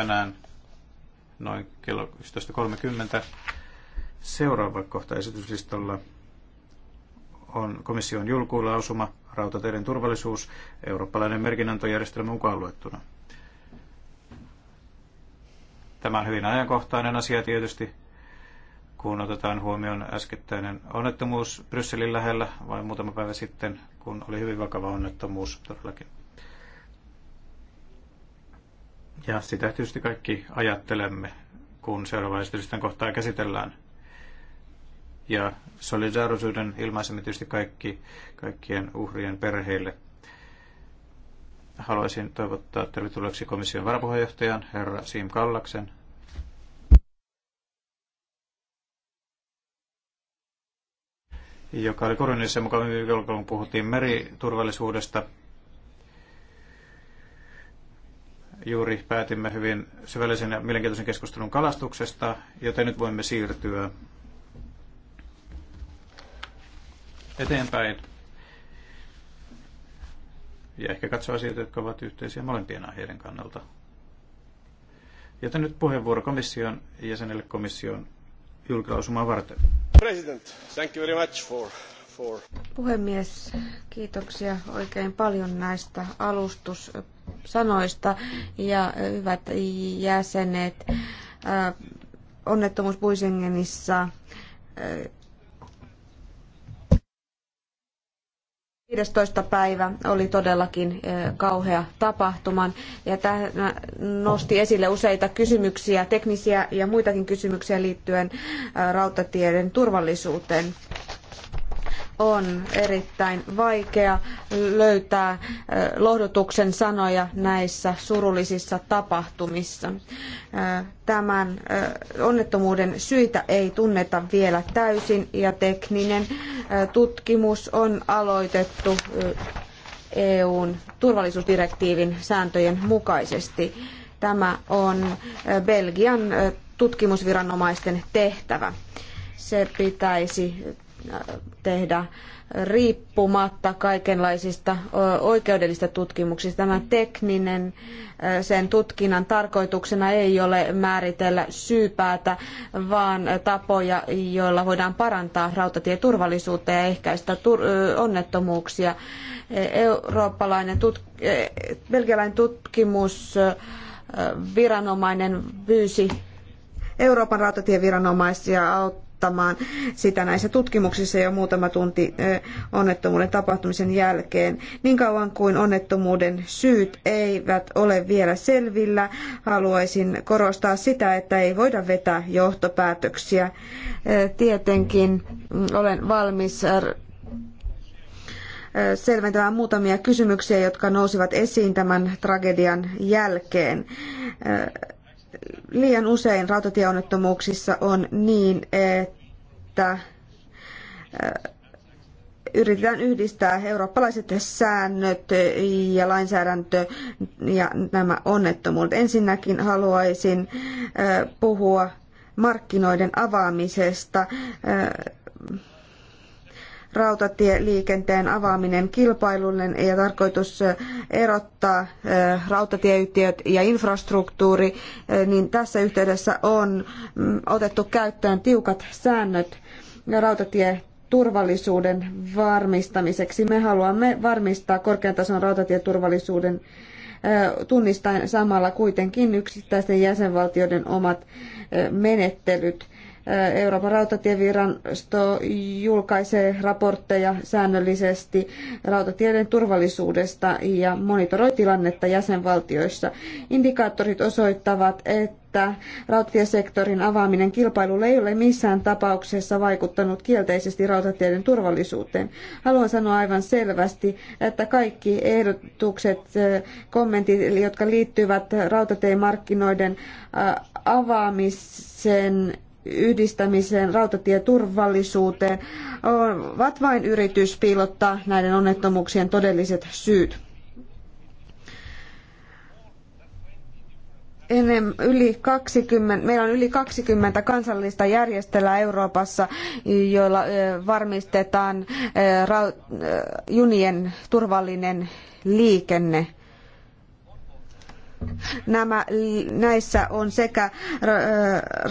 tänään noin kello 11.30. Seuraava kohta esityslistalla on komission julkulausuma rautateiden turvallisuus, eurooppalainen merkinnäntöjärjestelmä mukaan luettuna. Tämä on hyvin ajankohtainen asia tietysti, kun otetaan huomioon äskettäinen onnettomuus Brysselin lähellä vain muutama päivä sitten, kun oli hyvin vakava onnettomuus todellakin. Ja sitä tietysti kaikki ajattelemme, kun seuraavaa esitysten kohtaa käsitellään. Ja solidaarisuuden ilmaisemme tietysti kaikki, kaikkien uhrien perheille. Haluaisin toivottaa tervetulleeksi komission varapuheenjohtajan, herra Siim Kallaksen, joka oli Korunissa mukaan viime kun puhuttiin meriturvallisuudesta – Juuri päätimme hyvin syvällisen ja mielenkiintoisen keskustelun kalastuksesta, joten nyt voimme siirtyä eteenpäin ja ehkä katsoa asioita, jotka ovat yhteisiä molempien aiheiden kannalta. Joten nyt puheenvuoro komission jäsenelle komission julkilausumaa varten. President, thank you very much for Puhemies, kiitoksia oikein paljon näistä alustussanoista ja hyvät jäsenet. Äh, onnettomuus Buisingenissa äh, 15. päivä oli todellakin äh, kauhea tapahtuma ja tämä nosti esille useita kysymyksiä, teknisiä ja muitakin kysymyksiä liittyen rautatieden turvallisuuteen on erittäin vaikea löytää lohdutuksen sanoja näissä surullisissa tapahtumissa. Tämän onnettomuuden syitä ei tunneta vielä täysin ja tekninen tutkimus on aloitettu EUn turvallisuusdirektiivin sääntöjen mukaisesti. Tämä on Belgian tutkimusviranomaisten tehtävä. Se pitäisi tehdä riippumatta kaikenlaisista oikeudellisista tutkimuksista. Tämä tekninen sen tutkinnan tarkoituksena ei ole määritellä syypäätä, vaan tapoja, joilla voidaan parantaa rautatieturvallisuutta ja ehkäistä onnettomuuksia. E, eurooppalainen tut- e, belgialainen tutkimusviranomainen pyysi Euroopan rautatieviranomaisia auttamaan kattamaan sitä näissä tutkimuksissa jo muutama tunti onnettomuuden tapahtumisen jälkeen. Niin kauan kuin onnettomuuden syyt eivät ole vielä selvillä, haluaisin korostaa sitä, että ei voida vetää johtopäätöksiä. Tietenkin mm, olen valmis selventämään muutamia kysymyksiä, jotka nousivat esiin tämän tragedian jälkeen liian usein rautatieonnettomuuksissa on niin, että äh, yritetään yhdistää eurooppalaiset säännöt ja lainsäädäntö ja nämä onnettomuudet. Ensinnäkin haluaisin äh, puhua markkinoiden avaamisesta. Äh, rautatieliikenteen avaaminen kilpailulle ja tarkoitus erottaa rautatieyhtiöt ja infrastruktuuri, niin tässä yhteydessä on mm, otettu käyttöön tiukat säännöt rautatie turvallisuuden varmistamiseksi. Me haluamme varmistaa korkean tason rautatieturvallisuuden tunnistaen samalla kuitenkin yksittäisten jäsenvaltioiden omat menettelyt. Euroopan rautatievirasto julkaisee raportteja säännöllisesti rautatieiden turvallisuudesta ja monitoroi tilannetta jäsenvaltioissa. Indikaattorit osoittavat, että rautatiesektorin avaaminen kilpailulle ei ole missään tapauksessa vaikuttanut kielteisesti rautatieiden turvallisuuteen. Haluan sanoa aivan selvästi, että kaikki ehdotukset, kommentit, jotka liittyvät rautatiemarkkinoiden avaamiseen, yhdistämiseen, rautatieturvallisuuteen, ovat vain yritys piilottaa näiden onnettomuuksien todelliset syyt. enem, yli 20, meillä on yli 20 kansallista järjestelyä Euroopassa, joilla varmistetaan junien turvallinen liikenne. Nämä, näissä on sekä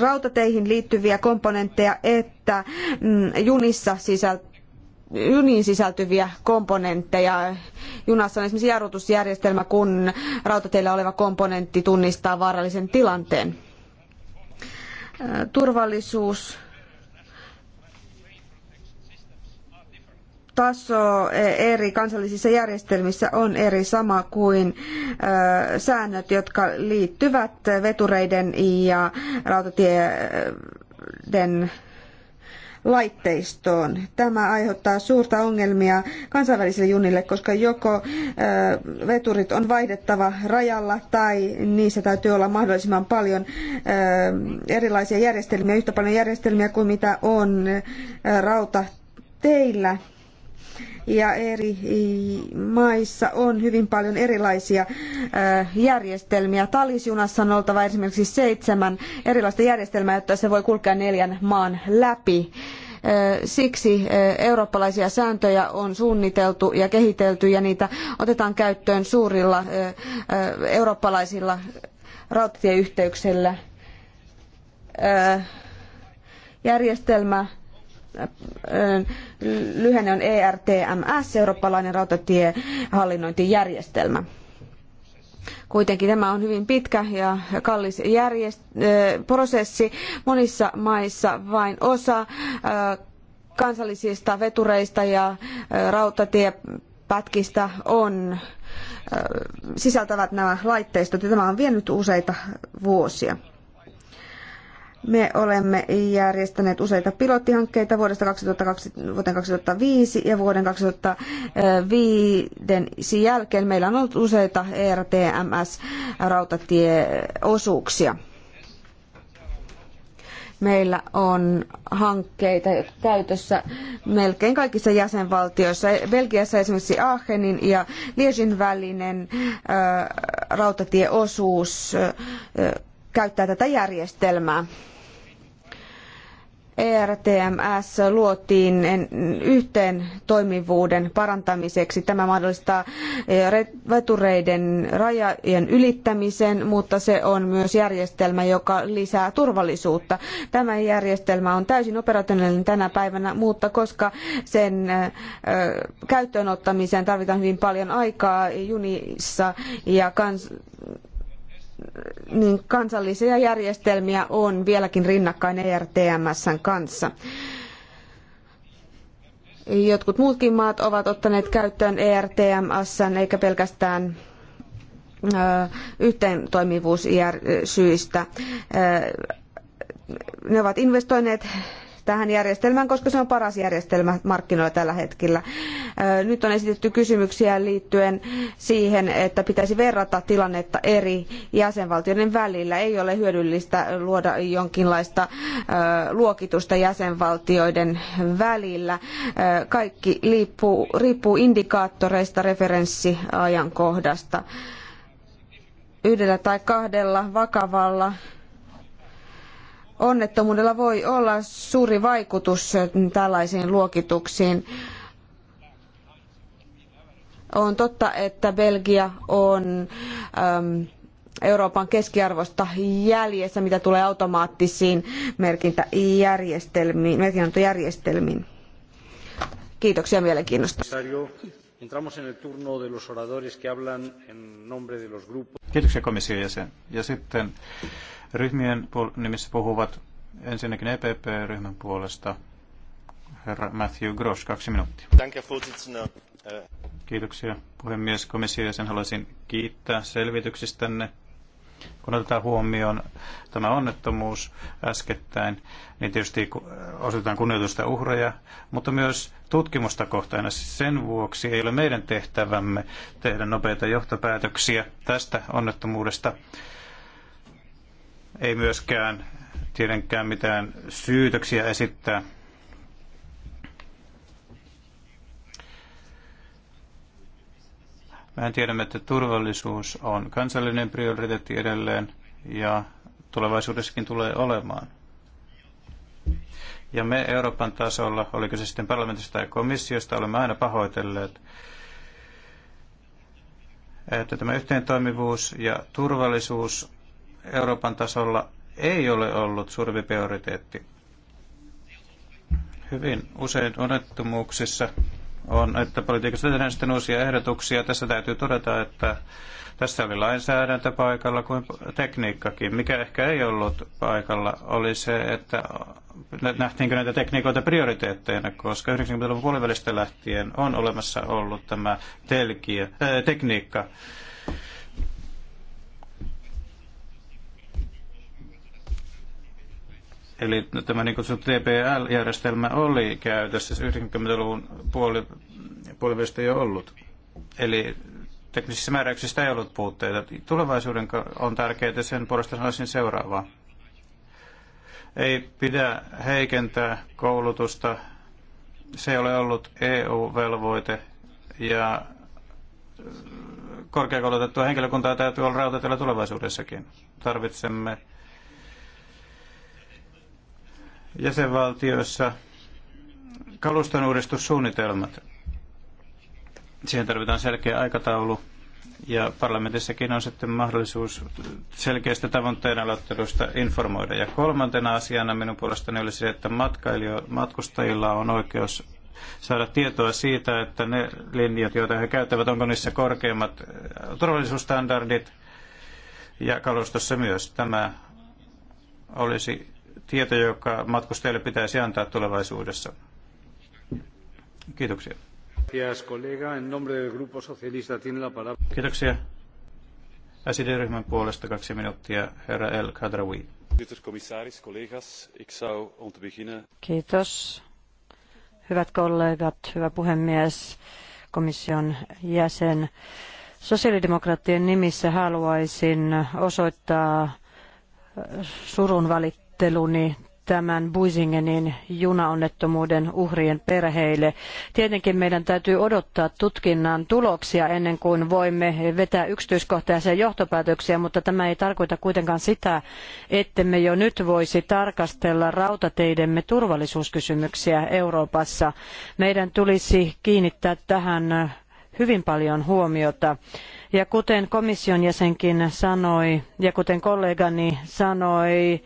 rautateihin liittyviä komponentteja että mm, junissa sisältyviä juniin sisältyviä komponentteja. Junassa on esimerkiksi jarrutusjärjestelmä, kun rautateillä oleva komponentti tunnistaa vaarallisen tilanteen. Turvallisuus taso e, eri kansallisissa järjestelmissä on eri sama kuin e, säännöt, jotka liittyvät vetureiden ja rautatieiden laitteistoon. Tämä aiheuttaa suurta ongelmia kansainvälisille junille, koska joko e, veturit on vaihdettava rajalla tai niissä täytyy olla mahdollisimman paljon erilaisia järjestelmiä, yhtä paljon järjestelmiä kuin mitä on rauta teillä ja eri maissa on hyvin paljon erilaisia äh, järjestelmiä. Talisjunassa on oltava esimerkiksi seitsemän erilaista järjestelmää, jotta se voi kulkea neljän maan läpi. Äh, siksi äh, eurooppalaisia sääntöjä on suunniteltu ja kehitelty ja niitä otetaan käyttöön suurilla eurooppalaisilla rautatieyhteyksillä. Järjestelmä lyhenne on ERTMS, eurooppalainen rautatiehallinnointijärjestelmä. Kuitenkin tämä on hyvin pitkä ja kallis järjest- prosessi. Monissa maissa vain osa kansallisista vetureista ja rautatiepätkistä on sisältävät nämä laitteistot ja tämä on vienyt useita vuosia. Me olemme järjestäneet useita pilottihankkeita vuodesta 2002 vuoteen 2005 ja vuoden 2005 jälkeen meillä on ollut useita ERTMS-rautatieosuuksia. Meillä on hankkeita käytössä melkein kaikissa jäsenvaltioissa. Belgiassa esimerkiksi Aachenin ja Liesin välinen rautatieosuus käyttää tätä järjestelmää. ERTMS luotiin yhteen toimivuuden parantamiseksi. Tämä mahdollistaa e, vetureiden rajojen ylittämisen, mutta se on myös järjestelmä, joka lisää turvallisuutta. Tämä järjestelmä on täysin operationaalinen tänä päivänä, mutta koska sen e, e, käyttöönottamiseen tarvitaan hyvin paljon aikaa junissa ja kans- niin kansallisia järjestelmiä on vieläkin rinnakkain ERTMSn kanssa. Jotkut muutkin maat ovat ottaneet käyttöön ERTMSn eikä pelkästään yhteentoimivuussyistä. Ne ovat investoineet tähän järjestelmään, koska se on paras järjestelmä markkinoilla tällä hetkellä. Nyt on esitetty kysymyksiä liittyen siihen, että pitäisi verrata tilannetta eri jäsenvaltioiden välillä. Ei ole hyödyllistä luoda jonkinlaista luokitusta jäsenvaltioiden välillä. Kaikki liippuu, riippuu indikaattoreista, referenssiajankohdasta. Yhdellä tai kahdella vakavalla onnettomuudella voi olla suuri vaikutus tällaisiin luokituksiin. On totta, että Belgia on ähm, Euroopan keskiarvosta jäljessä, mitä tulee automaattisiin merkintäjärjestelmiin, merkintäjärjestelmiin. Kiitoksia mielenkiinnosta. Entramos en el turno de los oradores que hablan en nombre de los grupos. Kiitoksia komission jäsen. Ja sitten ryhmien puol- nimissä puhuvat ensinnäkin EPP-ryhmän puolesta herra Matthew Gross, kaksi minuuttia. Äh, Kiitoksia puhemies komission jäsen. Haluaisin kiittää selvityksistänne kun otetaan huomioon tämä onnettomuus äskettäin, niin tietysti osoitetaan kunnioitusta uhreja, mutta myös tutkimusta kohtaan. Sen vuoksi ei ole meidän tehtävämme tehdä nopeita johtopäätöksiä tästä onnettomuudesta. Ei myöskään tietenkään mitään syytöksiä esittää Mehän tiedämme, että turvallisuus on kansallinen prioriteetti edelleen ja tulevaisuudessakin tulee olemaan. Ja me Euroopan tasolla, oliko se sitten parlamentista tai komissiosta, olemme aina pahoitelleet, että tämä yhteentoimivuus ja turvallisuus Euroopan tasolla ei ole ollut suurempi prioriteetti. Hyvin usein onnettomuuksissa on, että politiikassa tehdään sitten uusia ehdotuksia. Tässä täytyy todeta, että tässä oli lainsäädäntö paikalla kuin tekniikkakin. Mikä ehkä ei ollut paikalla oli se, että nähtiinkö näitä tekniikoita prioriteetteina, koska 90-luvun puolivälistä lähtien on olemassa ollut tämä telkiä, äh, tekniikka, Eli tämä niin kutsuttu TPL-järjestelmä oli käytössä 90-luvun puoli, puolivälistä jo ollut. Eli teknisissä määräyksissä ei ollut puutteita. Tulevaisuuden on tärkeää sen puolesta sanoisin seuraavaa. Ei pidä heikentää koulutusta. Se ei ole ollut EU-velvoite ja korkeakoulutettua henkilökuntaa täytyy olla rautateillä tulevaisuudessakin. Tarvitsemme jäsenvaltioissa kaluston uudistussuunnitelmat. Siihen tarvitaan selkeä aikataulu ja parlamentissakin on sitten mahdollisuus selkeästä tavoitteen aloittelusta informoida. Ja kolmantena asiana minun puolestani oli se, että matkustajilla on oikeus saada tietoa siitä, että ne linjat, joita he käyttävät, onko niissä korkeimmat turvallisuusstandardit ja kalustossa myös. Tämä olisi tieto, joka matkustajille pitäisi antaa tulevaisuudessa. Kiitoksia. Kiitoksia. SID-ryhmän puolesta kaksi minuuttia, herra El Kadraoui. Kiitos. Hyvät kollegat, hyvä puhemies, komission jäsen. Sosiaalidemokraattien nimissä haluaisin osoittaa surun valittaa pahoitteluni tämän Buisingenin junaonnettomuuden uhrien perheille. Tietenkin meidän täytyy odottaa tutkinnan tuloksia ennen kuin voimme vetää yksityiskohtaisia johtopäätöksiä, mutta tämä ei tarkoita kuitenkaan sitä, ettemme jo nyt voisi tarkastella rautateidemme turvallisuuskysymyksiä Euroopassa. Meidän tulisi kiinnittää tähän hyvin paljon huomiota. Ja kuten komission jäsenkin sanoi, ja kuten kollegani sanoi,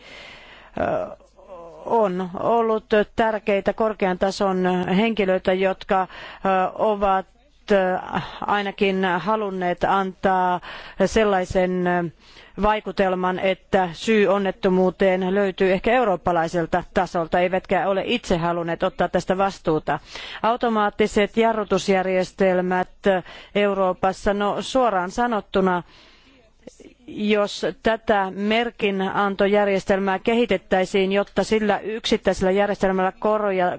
on ollut tärkeitä korkean tason henkilöitä, jotka ovat ainakin halunneet antaa sellaisen vaikutelman, että syy onnettomuuteen löytyy ehkä eurooppalaiselta tasolta, eivätkä ole itse halunneet ottaa tästä vastuuta. Automaattiset jarrutusjärjestelmät Euroopassa, no suoraan sanottuna, jos tätä merkinantojärjestelmää kehitettäisiin, jotta sillä yksittäisellä järjestelmällä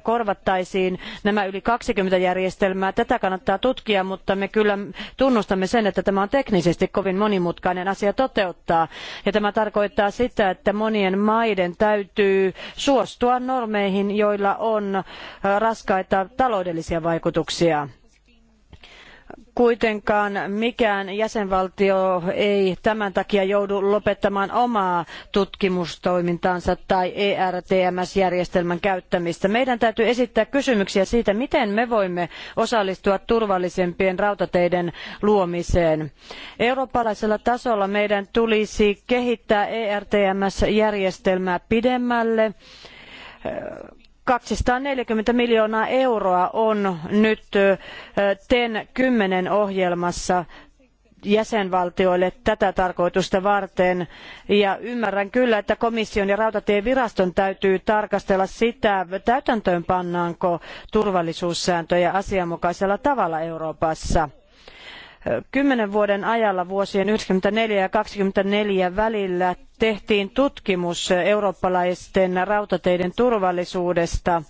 korvattaisiin nämä yli 20 järjestelmää. Tätä kannattaa tutkia, mutta me kyllä tunnustamme sen, että tämä on teknisesti kovin monimutkainen asia toteuttaa. Ja tämä tarkoittaa sitä, että monien maiden täytyy suostua normeihin, joilla on raskaita taloudellisia vaikutuksia kuitenkaan mikään jäsenvaltio ei tämän takia joudu lopettamaan omaa tutkimustoimintaansa tai ERTMS-järjestelmän käyttämistä. Meidän täytyy esittää kysymyksiä siitä, miten me voimme osallistua turvallisempien rautateiden luomiseen. Eurooppalaisella tasolla meidän tulisi kehittää ERTMS-järjestelmää pidemmälle 240 miljoonaa euroa on nyt TEN 10 ohjelmassa jäsenvaltioille tätä tarkoitusta varten. Ja ymmärrän kyllä, että komission ja rautatieviraston täytyy tarkastella sitä, täytäntöönpannaanko turvallisuussääntöjä asianmukaisella tavalla Euroopassa kymmenen vuoden ajalla vuosien yhdeksänsataayhdeksänkymmentäneljä ja 24 välillä tehtiin tutkimus eurooppalaisten rautateiden turvallisuudesta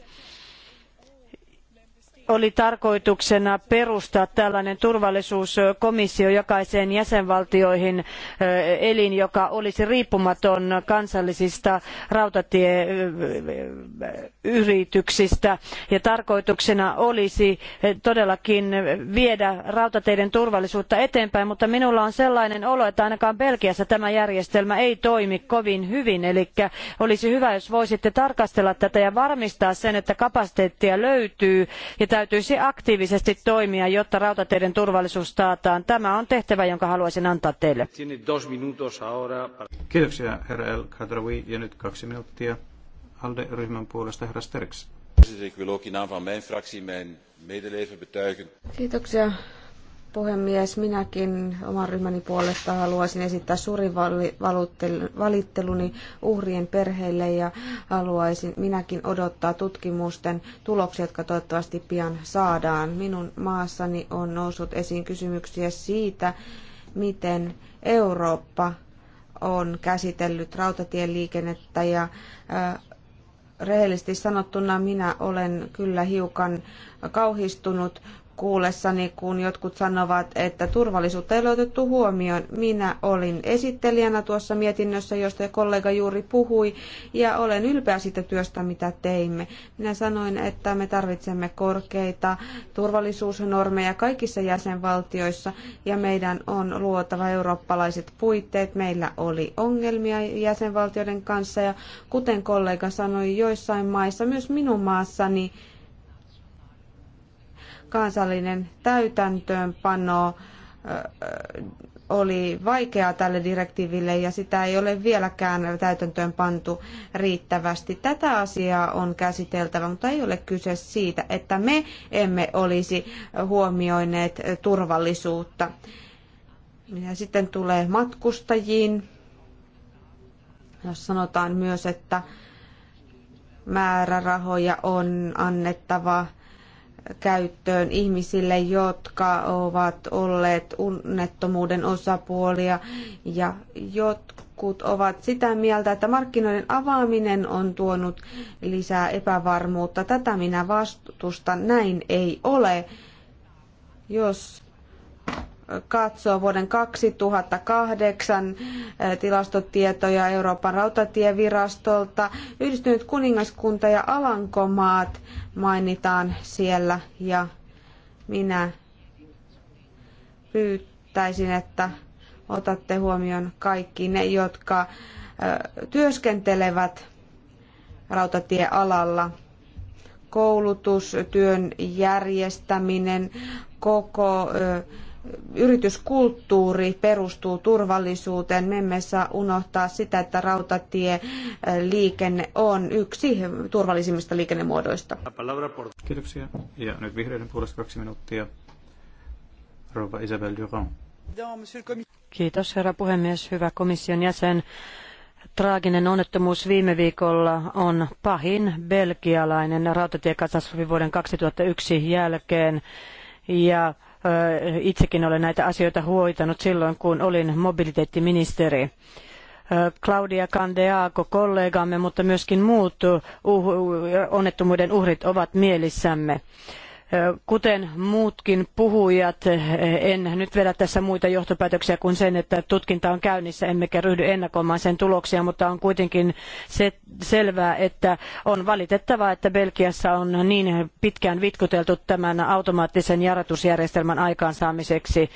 oli tarkoituksena perustaa tällainen turvallisuuskomissio jokaiseen jäsenvaltioihin eh, elin, joka olisi riippumaton kansallisista rautatieyrityksistä. Ja tarkoituksena olisi eh, todellakin viedä rautateiden turvallisuutta eteenpäin, mutta minulla on sellainen olo, että ainakaan Belgiassa tämä järjestelmä ei toimi kovin hyvin. Eli olisi hyvä, jos voisitte tarkastella tätä ja varmistaa sen, että kapasiteettia löytyy ja täytyisi aktiivisesti toimia, jotta rautateiden turvallisuus taataan. Tämä on tehtävä, jonka haluaisin antaa teille. Kiitoksia, herra El Kadrawi. Ja nyt kaksi minuuttia ALDE-ryhmän puolesta, herra Sterks. Kiitoksia, puhemies, minäkin oman ryhmäni puolesta haluaisin esittää suurin valitteluni uhrien perheille ja haluaisin minäkin odottaa tutkimusten tuloksia, jotka toivottavasti pian saadaan. Minun maassani on noussut esiin kysymyksiä siitä, miten Eurooppa on käsitellyt rautatieliikennettä ja rehellisesti sanottuna minä olen kyllä hiukan kauhistunut, kuullessani, kun jotkut sanovat, että turvallisuutta ei ole otettu huomioon. Minä olin esittelijänä tuossa mietinnössä, josta kollega juuri puhui, ja olen ylpeä siitä työstä, mitä teimme. Minä sanoin, että me tarvitsemme korkeita turvallisuusnormeja kaikissa jäsenvaltioissa, ja meidän on luotava eurooppalaiset puitteet. Meillä oli ongelmia jäsenvaltioiden kanssa, ja kuten kollega sanoi, joissain maissa, myös minun maassani, kansallinen täytäntöönpano oli vaikeaa tälle direktiiville ja sitä ei ole vieläkään täytäntöön pantu riittävästi. Tätä asiaa on käsiteltävä, mutta ei ole kyse siitä, että me emme olisi huomioineet turvallisuutta. Ja sitten tulee matkustajiin, jos sanotaan myös, että määrärahoja on annettava käyttöön ihmisille, jotka ovat olleet unnettomuuden osapuolia ja jotkut ovat sitä mieltä, että markkinoiden avaaminen on tuonut lisää epävarmuutta. Tätä minä vastustan. Näin ei ole. Jos katsoo vuoden 2008 eh, tilastotietoja Euroopan rautatievirastolta, yhdistynyt kuningaskunta ja Alankomaat mainitaan siellä ja minä pyytäisin, että otatte huomioon kaikki ne, jotka eh, työskentelevät rautatiealalla. Koulutus, työn järjestäminen, koko eh, yrityskulttuuri perustuu turvallisuuteen. Me emme saa unohtaa sitä, että rautatieliikenne äh, on yksi turvallisimmista liikennemuodoista. Kiitoksia. Ja nyt vihreiden puolesta kaksi minuuttia. Rouva Isabel Durand. Kiitos herra puhemies, hyvä komission jäsen. Traaginen onnettomuus viime viikolla on pahin belgialainen rautatiekatastrofi vuoden 2001 jälkeen ja Itsekin olen näitä asioita huoitanut silloin, kun olin mobiliteettiministeri. Claudia Candeaco kollegamme, mutta myöskin muut uh, uh, onnettomuuden uhrit ovat mielissämme. Kuten muutkin puhujat, en nyt vedä tässä muita johtopäätöksiä kuin sen, että tutkinta on käynnissä, emmekä ryhdy ennakoimaan sen tuloksia, mutta on kuitenkin se selvää, että on valitettavaa, että Belgiassa on niin pitkään vitkuteltu tämän automaattisen jarrutusjärjestelmän aikaansaamiseksi.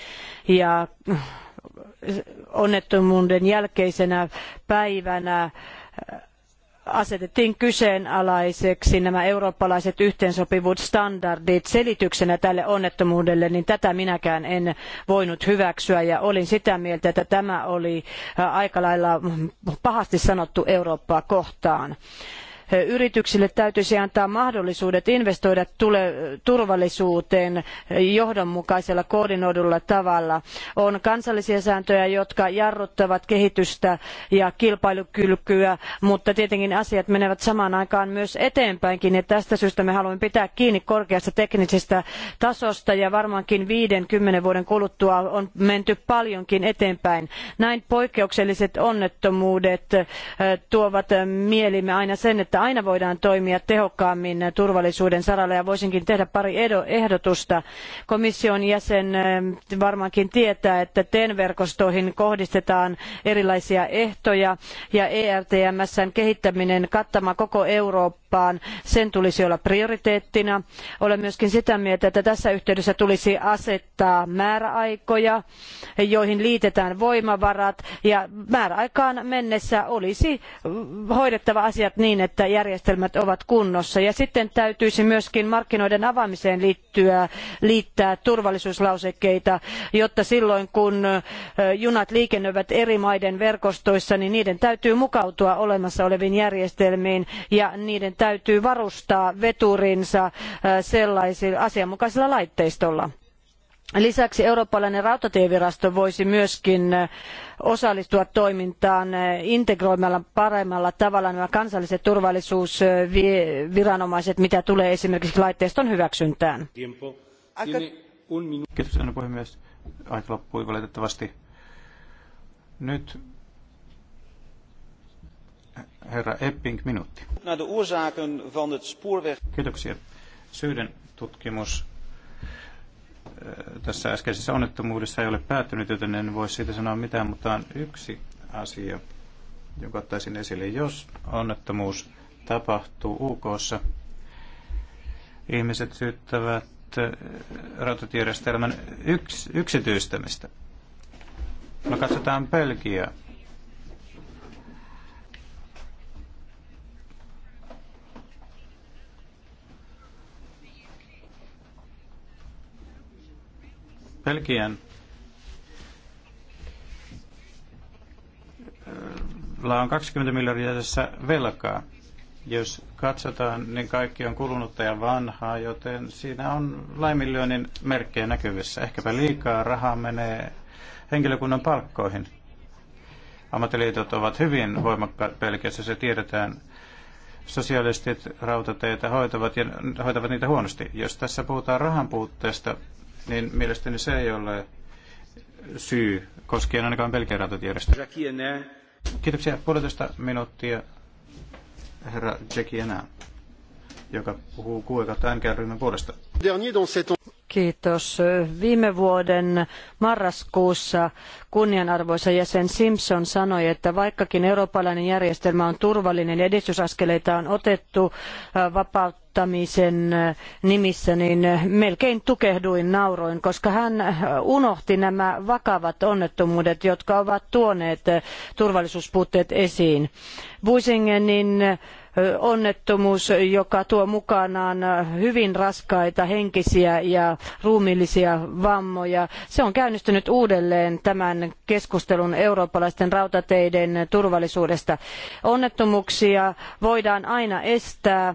Ja onnettomuuden jälkeisenä päivänä asetettiin kyseenalaiseksi nämä eurooppalaiset yhteensopivuusstandardit selityksenä tälle onnettomuudelle, niin tätä minäkään en voinut hyväksyä ja olin sitä mieltä, että tämä oli aika lailla pahasti sanottu Eurooppaa kohtaan. Yrityksille täytyisi antaa mahdollisuudet investoida tule, turvallisuuteen johdonmukaisella koordinoidulla tavalla. On kansallisia sääntöjä, jotka jarruttavat kehitystä ja kilpailukykyä, mutta tietenkin asiat menevät samaan aikaan myös eteenpäinkin. Ja tästä syystä me haluamme pitää kiinni korkeasta teknisestä tasosta ja varmaankin viiden kymmenen vuoden kuluttua on menty paljonkin eteenpäin. Näin poikkeukselliset onnettomuudet tuovat mielimme aina sen, että että aina voidaan toimia tehokkaammin turvallisuuden saralla ja voisinkin tehdä pari ehdotusta. Komission jäsen eh, varmaankin tietää, että TEN-verkostoihin kohdistetaan erilaisia ehtoja ja ERTMSn kehittäminen kattamaan koko Eurooppaan, sen tulisi olla prioriteettina. Olen myöskin sitä mieltä, että tässä yhteydessä tulisi asettaa määräaikoja, joihin liitetään voimavarat ja määräaikaan mennessä olisi hoidettava asiat niin, että järjestelmät ovat kunnossa. Ja sitten täytyisi myöskin markkinoiden avaamiseen liittyä, liittää turvallisuuslausekkeita, jotta silloin kun junat liikennöivät eri maiden verkostoissa, niin niiden täytyy mukautua olemassa oleviin järjestelmiin ja niiden täytyy varustaa veturinsa sellaisilla asianmukaisilla laitteistolla. Lisäksi eurooppalainen rautatievirasto voisi myöskin osallistua toimintaan integroimalla paremmalla tavalla nämä kansalliset turvallisuusviranomaiset, mitä tulee esimerkiksi laitteiston hyväksyntään. Kiitos, Anna puhemies. Aika loppui valitettavasti. Nyt herra Epping, minuutti. Kiitoksia. Syyden tutkimus tässä äskeisessä onnettomuudessa ei ole päättynyt, joten en voi siitä sanoa mitään, mutta on yksi asia, jonka ottaisin esille. Jos onnettomuus tapahtuu uk ihmiset syyttävät rautatiejärjestelmän yks, yksityistämistä. No katsotaan Pelkiä. Belgian on 20 miljardia tässä velkaa. Jos katsotaan, niin kaikki on kulunutta ja vanhaa, joten siinä on laiminlyönnin merkkejä näkyvissä. Ehkäpä liikaa rahaa menee henkilökunnan palkkoihin. Ammattiliitot ovat hyvin voimakkaat pelkässä, se tiedetään. Sosialistit rautateitä hoitavat, ja hoitavat niitä huonosti. Jos tässä puhutaan rahan puutteesta, niin mielestäni se ei ole syy koskien ainakaan Belgian rautatiejärjestelmää. Kiitoksia. Puolitoista minuuttia herra Jackie Enää, joka puhuu kuukautta NKR-ryhmän puolesta. Kiitos. Viime vuoden marraskuussa kunnianarvoisa jäsen Simpson sanoi, että vaikkakin eurooppalainen järjestelmä on turvallinen ja edistysaskeleita on otettu äh, vapauttamisen nimissä, niin melkein tukehduin nauroin, koska hän äh, unohti nämä vakavat onnettomuudet, jotka ovat tuoneet äh, turvallisuuspuutteet esiin. Buisingenin onnettomuus, joka tuo mukanaan hyvin raskaita henkisiä ja ruumiillisia vammoja. Se on käynnistynyt uudelleen tämän keskustelun eurooppalaisten rautateiden turvallisuudesta. Onnettomuuksia voidaan aina estää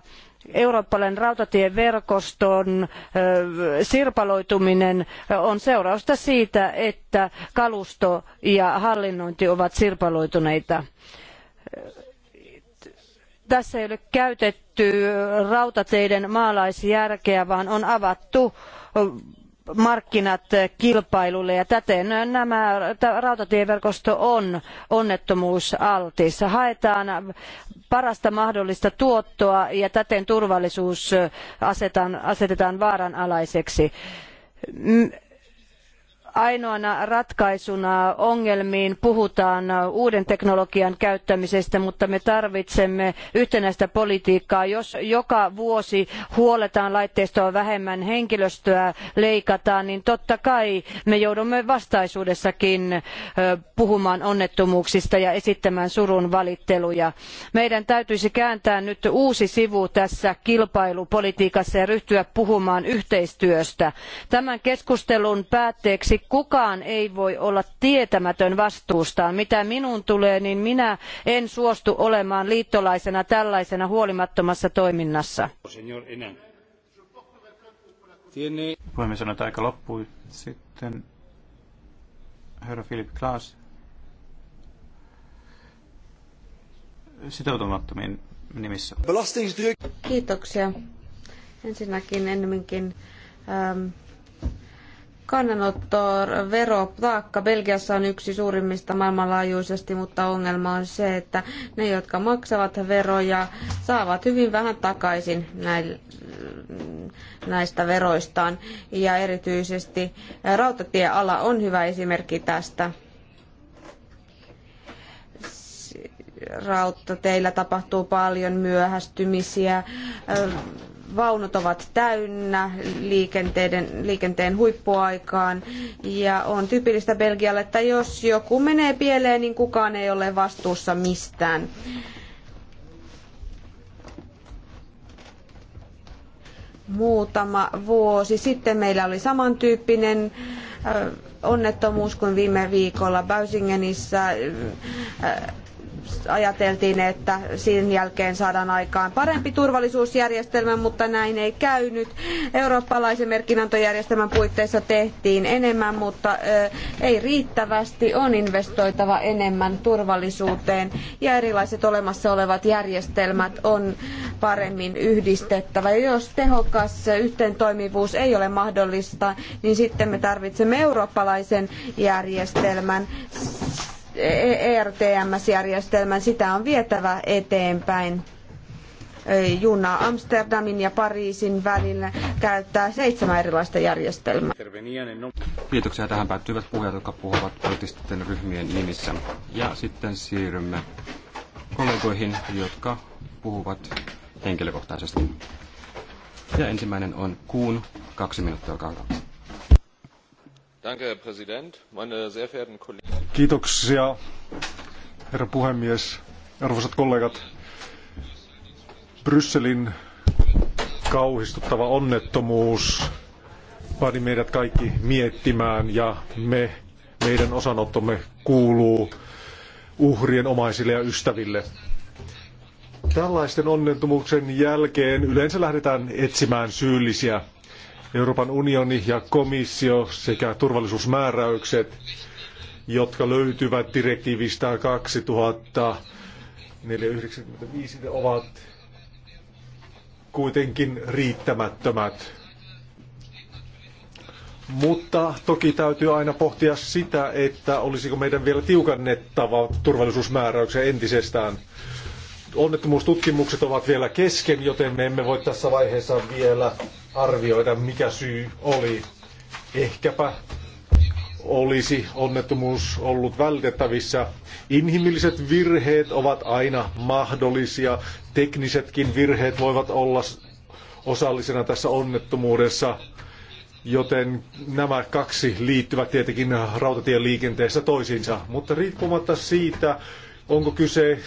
eurooppalainen rautatieverkoston sirpaloituminen on seurausta siitä että kalusto ja hallinnointi ovat sirpaloituneita tässä ei ole käytetty rautateiden maalaisjärkeä, vaan on avattu markkinat kilpailulle ja täten nämä, rautatieverkosto on onnettomuusaltis. Haetaan parasta mahdollista tuottoa ja täten turvallisuus asetetaan vaaranalaiseksi ainoana ratkaisuna ongelmiin puhutaan uuden teknologian käyttämisestä, mutta me tarvitsemme yhtenäistä politiikkaa. Jos joka vuosi huoletaan laitteistoa vähemmän henkilöstöä leikataan, niin totta kai me joudumme vastaisuudessakin puhumaan onnettomuuksista ja esittämään surun valitteluja. Meidän täytyisi kääntää nyt uusi sivu tässä kilpailupolitiikassa ja ryhtyä puhumaan yhteistyöstä. Tämän keskustelun päätteeksi kukaan ei voi olla tietämätön vastuustaan. Mitä minun tulee, niin minä en suostu olemaan liittolaisena tällaisena huolimattomassa toiminnassa. Puhemies, sanoa, että aika loppui. Sitten herra Philip Klaas sitoutumattomien nimissä. Kiitoksia. Ensinnäkin ennemminkin ähm, kannanottoa. Verotaakka Belgiassa on yksi suurimmista maailmanlaajuisesti, mutta ongelma on se, että ne, jotka maksavat veroja, saavat hyvin vähän takaisin näistä veroistaan. Ja erityisesti rautatieala on hyvä esimerkki tästä. Rautateillä tapahtuu paljon myöhästymisiä, vaunut ovat täynnä liikenteiden, liikenteen huippuaikaan. Ja on tyypillistä Belgialle, että jos joku menee pieleen, niin kukaan ei ole vastuussa mistään. Muutama vuosi sitten meillä oli samantyyppinen onnettomuus kuin viime viikolla Bäysingenissä ajateltiin, että sen jälkeen saadaan aikaan parempi turvallisuusjärjestelmä, mutta näin ei käynyt. Eurooppalaisen merkinantojärjestelmän puitteissa tehtiin enemmän, mutta ei riittävästi. On investoitava enemmän turvallisuuteen ja erilaiset olemassa olevat järjestelmät on paremmin yhdistettävä. Ja jos tehokas yhteentoimivuus ei ole mahdollista, niin sitten me tarvitsemme eurooppalaisen järjestelmän. ERTMS-järjestelmän, e sitä on vietävä eteenpäin juna Amsterdamin ja Pariisin välillä käyttää seitsemän erilaista järjestelmää. Kiitoksia. Tähän päättyvät puhujat, jotka puhuvat poliittisten ryhmien nimissä. Ja sitten siirrymme kollegoihin, jotka puhuvat henkilökohtaisesti. Ja ensimmäinen on Kuun. Kaksi minuuttia, olkaa hyvä. Kiitoksia, herra puhemies, arvoisat kollegat. Brysselin kauhistuttava onnettomuus pani meidät kaikki miettimään ja me, meidän osanottomme kuuluu uhrien omaisille ja ystäville. Tällaisten onnettomuuksien jälkeen yleensä lähdetään etsimään syyllisiä. Euroopan unioni ja komissio sekä turvallisuusmääräykset, jotka löytyvät direktiivistä 2495, ovat kuitenkin riittämättömät. Mutta toki täytyy aina pohtia sitä, että olisiko meidän vielä tiukannettava turvallisuusmääräyksiä entisestään onnettomuustutkimukset ovat vielä kesken, joten me emme voi tässä vaiheessa vielä arvioida, mikä syy oli. Ehkäpä olisi onnettomuus ollut vältettävissä. Inhimilliset virheet ovat aina mahdollisia. Teknisetkin virheet voivat olla osallisena tässä onnettomuudessa, joten nämä kaksi liittyvät tietenkin rautatieliikenteessä liikenteessä toisiinsa. Mutta riippumatta siitä, onko kyse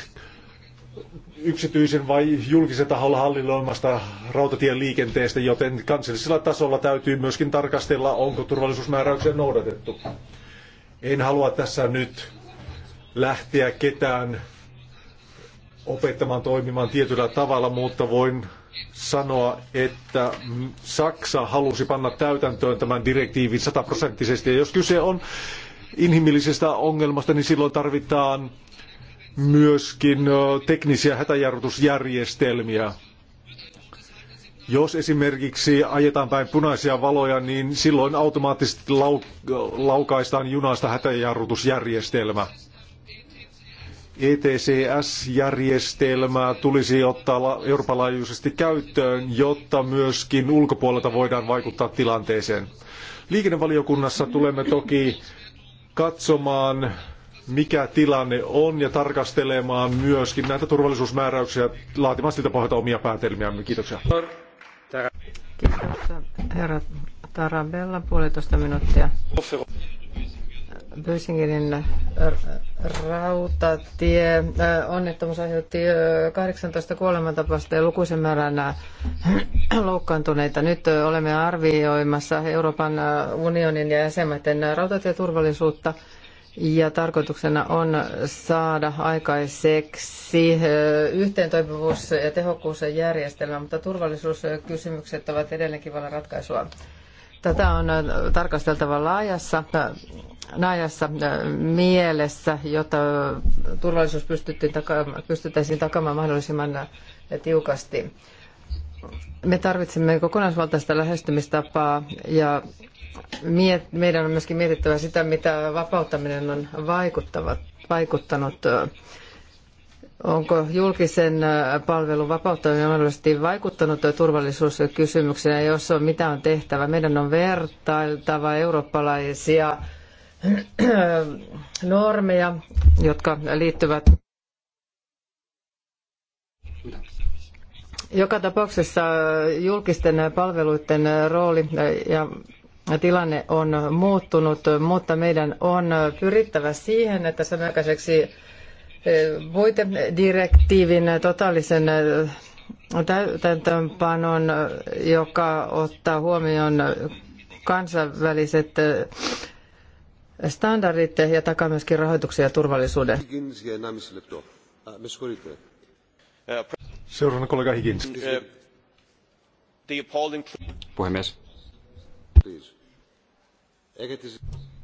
yksityisen vai julkisen taholla hallinnoimasta rautatien liikenteestä, joten kansallisella tasolla täytyy myöskin tarkastella, onko turvallisuusmääräyksiä noudatettu. En halua tässä nyt lähteä ketään opettamaan toimimaan tietyllä tavalla, mutta voin sanoa, että Saksa halusi panna täytäntöön tämän direktiivin sataprosenttisesti. Ja jos kyse on inhimillisestä ongelmasta, niin silloin tarvitaan myöskin teknisiä hätäjarrutusjärjestelmiä. Jos esimerkiksi ajetaan päin punaisia valoja, niin silloin automaattisesti laukaistaan junasta hätäjarrutusjärjestelmä. ETCS-järjestelmää tulisi ottaa Euroopan laajuisesti käyttöön, jotta myöskin ulkopuolelta voidaan vaikuttaa tilanteeseen. Liikennevaliokunnassa tulemme toki katsomaan mikä tilanne on ja tarkastelemaan myöskin näitä turvallisuusmääräyksiä laatimaan siltä pohjalta omia päätelmiämme. Kiitoksia. Kiitos herra Tarabella, puolitoista minuuttia. Bösingerin rautatie. Äh, onnettomuus aiheutti 18 äh, kuolemantapausta ja lukuisen määrän äh, loukkaantuneita. Nyt olemme arvioimassa Euroopan unionin ja jäsenmaiden rautatieturvallisuutta ja tarkoituksena on saada aikaiseksi eh, yhteentoimivuus ja tehokkuus järjestelmä, mutta turvallisuuskysymykset ovat edelleenkin vailla ratkaisua. Tätä on eh, tarkasteltava laajassa, eh, laajassa mielessä, jotta turvallisuus pystyttiin takaamaan pystyttäisiin takaamaan mahdollisimman tiukasti. Me tarvitsemme kokonaisvaltaista lähestymistapaa ja meidän on myöskin mietittävä sitä, mitä vapauttaminen on vaikuttanut. Onko julkisen äh, palvelun vapauttaminen mahdollisesti vaikuttanut turvallisuuskysymykseen ja jos on, mitä on tehtävä? Meidän on vertailtava eurooppalaisia äh, normeja, jotka liittyvät joka tapauksessa äh, julkisten palveluiden rooli ja tilanne on muuttunut, mutta meidän on pyrittävä siihen, että saamme aikaiseksi e, voitedirektiivin totaalisen e, täytäntöönpanon, joka ottaa huomioon kansainväliset e, standardit ja takaa myöskin rahoituksen ja turvallisuuden. Seuraavana kollega Higgins. Puhemies,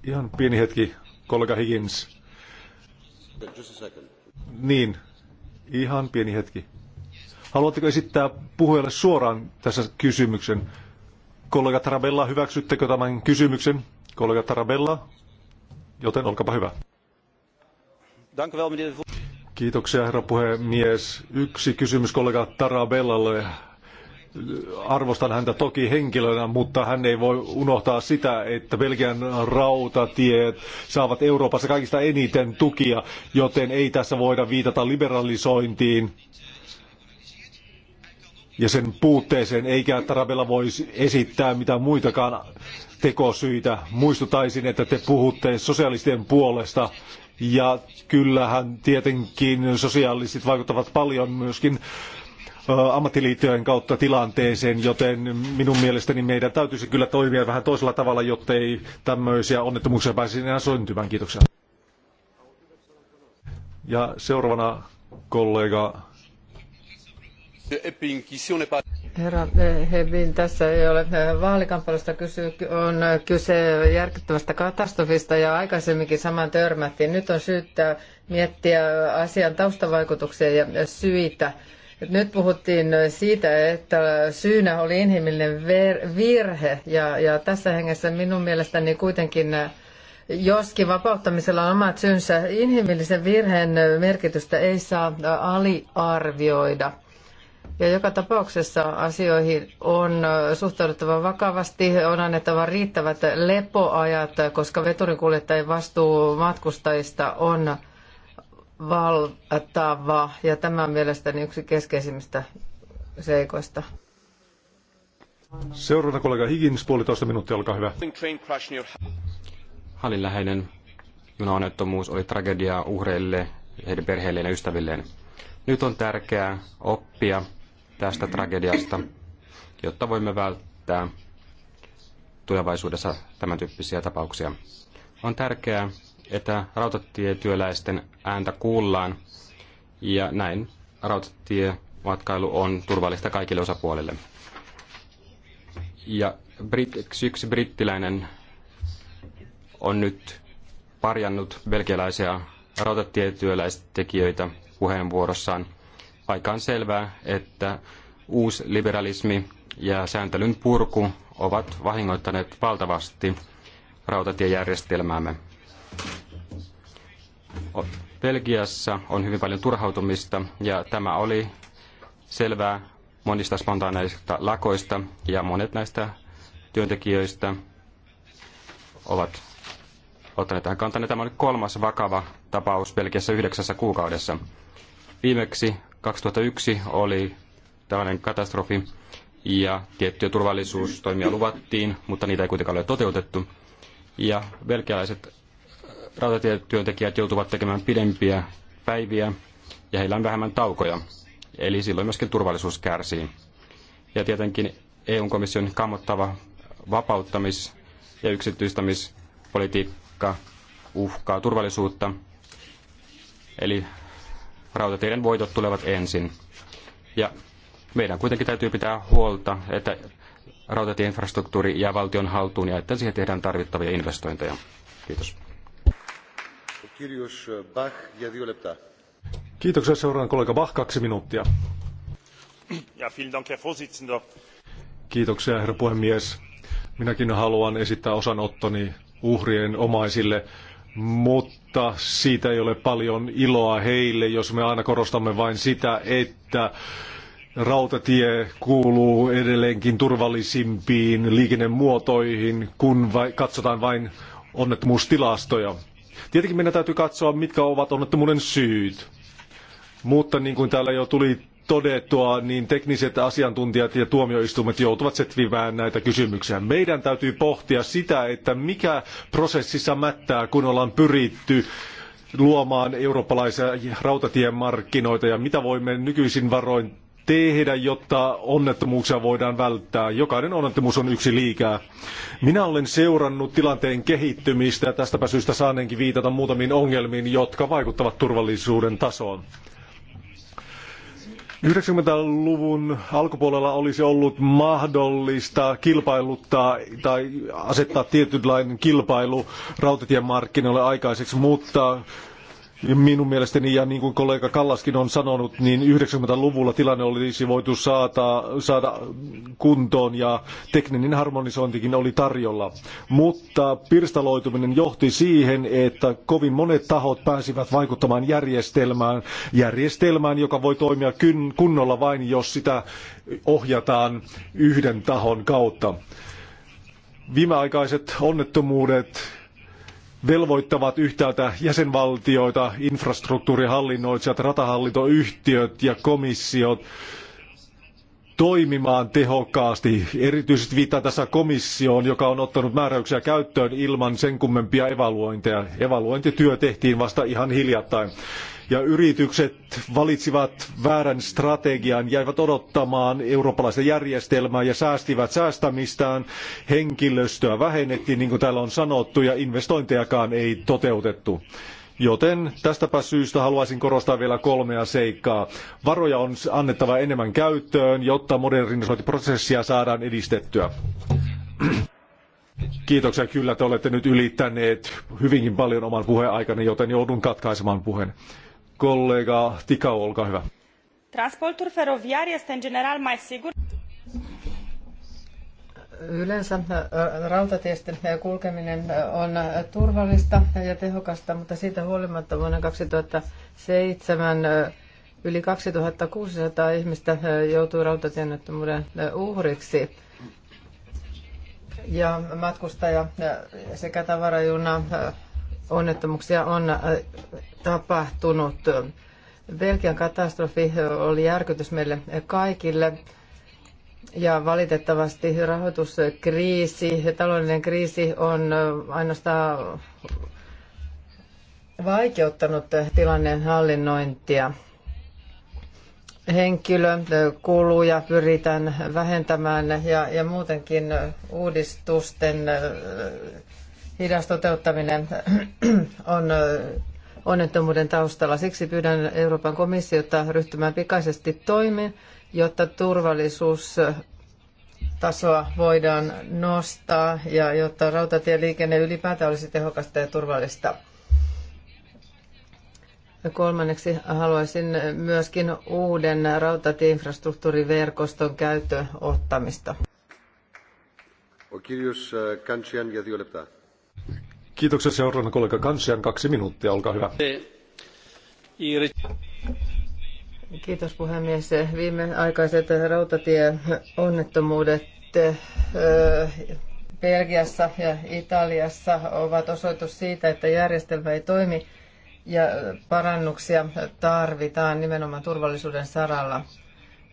Ihan pieni hetki, kollega Higgins. Niin, ihan pieni hetki. Haluatteko esittää puhujalle suoraan tässä kysymyksen? Kollega Tarabella, hyväksyttekö tämän kysymyksen? Kollega Tarabella, joten olkapa hyvä. Kiitoksia herra puhemies. Yksi kysymys kollega Tarabellalle arvostan häntä toki henkilönä, mutta hän ei voi unohtaa sitä, että Belgian rautatiet saavat Euroopassa kaikista eniten tukia, joten ei tässä voida viitata liberalisointiin ja sen puutteeseen, eikä Tarabella voisi esittää mitään muitakaan tekosyitä. Muistutaisin, että te puhutte sosialistien puolesta, ja kyllähän tietenkin sosialistit vaikuttavat paljon myöskin ammattiliittojen kautta tilanteeseen, joten minun mielestäni meidän täytyisi kyllä toimia vähän toisella tavalla, jottei tämmöisiä onnettomuuksia pääsisi enää syntymään. Kiitoksia. Ja seuraavana kollega Herra eh, Hebin, tässä ei ole eh, vaalikamppailusta kysy, on kyse järkyttävästä katastrofista ja aikaisemminkin saman törmättiin. Nyt on syytä miettiä asian taustavaikutuksia ja syitä. Nyt puhuttiin siitä, että syynä oli inhimillinen virhe ja, ja tässä hengessä minun mielestäni kuitenkin joskin vapauttamisella on omat syynsä, inhimillisen virheen merkitystä ei saa aliarvioida. Ja joka tapauksessa asioihin on suhtauduttava vakavasti, on annettava riittävät lepoajat, koska veturinkuljettajien vastuu matkustajista on valtava, ja tämä on mielestäni yksi keskeisimmistä seikoista. Seuraavana kollega Higgins, puolitoista minuuttia, olkaa hyvä. Halin läheinen junaonnettomuus oli tragedia uhreille, heidän perheilleen ja ystävilleen. Nyt on tärkeää oppia tästä tragediasta, jotta voimme välttää tulevaisuudessa tämän tyyppisiä tapauksia. On tärkeää, että rautatietyöläisten ääntä kuullaan ja näin rautatiematkailu on turvallista kaikille osapuolille. Ja brit, yksi brittiläinen on nyt parjannut belgialaisia rautatietyöläistekijöitä puheenvuorossaan, vaikka on selvää, että uusliberalismi ja sääntelyn purku ovat vahingoittaneet valtavasti rautatiejärjestelmäämme. Belgiassa on hyvin paljon turhautumista ja tämä oli selvää monista spontaaneista lakoista ja monet näistä työntekijöistä ovat ottaneet tähän kantaa. Tämä oli kolmas vakava tapaus Belgiassa yhdeksässä kuukaudessa. Viimeksi 2001 oli tällainen katastrofi ja tiettyjä turvallisuustoimia luvattiin, mutta niitä ei kuitenkaan ole toteutettu. Ja belgialaiset rautatietyöntekijät joutuvat tekemään pidempiä päiviä ja heillä on vähemmän taukoja. Eli silloin myöskin turvallisuus kärsii. Ja tietenkin EU-komission kammottava vapauttamis- ja yksityistämispolitiikka uhkaa turvallisuutta. Eli rautateiden voitot tulevat ensin. Ja meidän kuitenkin täytyy pitää huolta, että rautatieinfrastruktuuri jää valtion haltuun ja että siihen tehdään tarvittavia investointeja. Kiitos. Kiitoksia kollega kaksi minuuttia. Ja, Kiitoksia, herra puhemies. Minäkin haluan esittää osanottoni uhrien omaisille, mutta siitä ei ole paljon iloa heille, jos me aina korostamme vain sitä, että rautatie kuuluu edelleenkin turvallisimpiin liikennemuotoihin, kun katsotaan vain onnettomuustilastoja. Tietenkin meidän täytyy katsoa, mitkä ovat onnettomuuden syyt. Mutta niin kuin täällä jo tuli todettua, niin tekniset asiantuntijat ja tuomioistuimet joutuvat setvimään näitä kysymyksiä. Meidän täytyy pohtia sitä, että mikä prosessissa mättää, kun ollaan pyritty luomaan eurooppalaisia rautatiemarkkinoita ja mitä voimme nykyisin varoin tehdä, jotta onnettomuuksia voidaan välttää. Jokainen onnettomuus on yksi liikaa. Minä olen seurannut tilanteen kehittymistä ja tästäpä syystä saaneenkin viitata muutamiin ongelmiin, jotka vaikuttavat turvallisuuden tasoon. 90-luvun alkupuolella olisi ollut mahdollista kilpailuttaa tai asettaa tietynlainen kilpailu rautatiemarkkinoille aikaiseksi, mutta Minun mielestäni, ja niin kuin kollega Kallaskin on sanonut, niin 90-luvulla tilanne olisi voitu saata, saada kuntoon ja tekninen harmonisointikin oli tarjolla. Mutta pirstaloituminen johti siihen, että kovin monet tahot pääsivät vaikuttamaan järjestelmään, järjestelmään joka voi toimia kunnolla vain, jos sitä ohjataan yhden tahon kautta. Viimeaikaiset onnettomuudet velvoittavat yhtäältä jäsenvaltioita, infrastruktuurihallinnoitsijat, ratahallintoyhtiöt ja komissiot toimimaan tehokkaasti. Erityisesti viittaa tässä komissioon, joka on ottanut määräyksiä käyttöön ilman sen kummempia evaluointeja. Evaluointityö tehtiin vasta ihan hiljattain ja yritykset valitsivat väärän strategian, jäivät odottamaan eurooppalaista järjestelmää ja säästivät säästämistään. Henkilöstöä vähennettiin, niin kuin täällä on sanottu, ja investointejakaan ei toteutettu. Joten tästäpä syystä haluaisin korostaa vielä kolmea seikkaa. Varoja on annettava enemmän käyttöön, jotta modernisointiprosessia saadaan edistettyä. Kiitoksia. Kyllä te olette nyt ylittäneet hyvinkin paljon oman puheaikani, joten joudun katkaisemaan puheen kollega Tikau, olkaa hyvä. Transportul feroviar este în general mai sigur. Yleensä äh, rautatiesti kulkeminen äh, on äh, turvallista ja tehokasta, mutta siitä huolimatta vuonna 2007 yli 2600 ihmistä joutui rautatiennettömyyden uhriksi. Ja matkustaja sekä tavarajuna onnettomuuksia on äh, tapahtunut. Belgian katastrofi oli järkytys meille kaikille. Ja valitettavasti rahoituskriisi ja taloudellinen kriisi on äh, ainoastaan vaikeuttanut tilanteen hallinnointia. Henkilökuluja äh, pyritään vähentämään ja, ja muutenkin uudistusten hidas toteuttaminen on onnettomuuden taustalla. Siksi pyydän Euroopan komissiota ryhtymään pikaisesti toimiin, jotta turvallisuustasoa voidaan nostaa ja jotta rautatieliikenne ylipäätään olisi tehokasta ja turvallista. Kolmanneksi haluaisin myöskin uuden rautatieinfrastruktuuriverkoston käyttöön ottamista. Ο κύριος Κάντσιαν για δύο λεπτά. Kiitoksia seuraavana kollega Kansian. Kaksi minuuttia, olkaa hyvä. Kiitos puhemies. Viimeaikaiset rautatieonnettomuudet eh, Belgiassa ja Italiassa ovat osoitus siitä, että järjestelmä ei toimi ja parannuksia tarvitaan nimenomaan turvallisuuden saralla.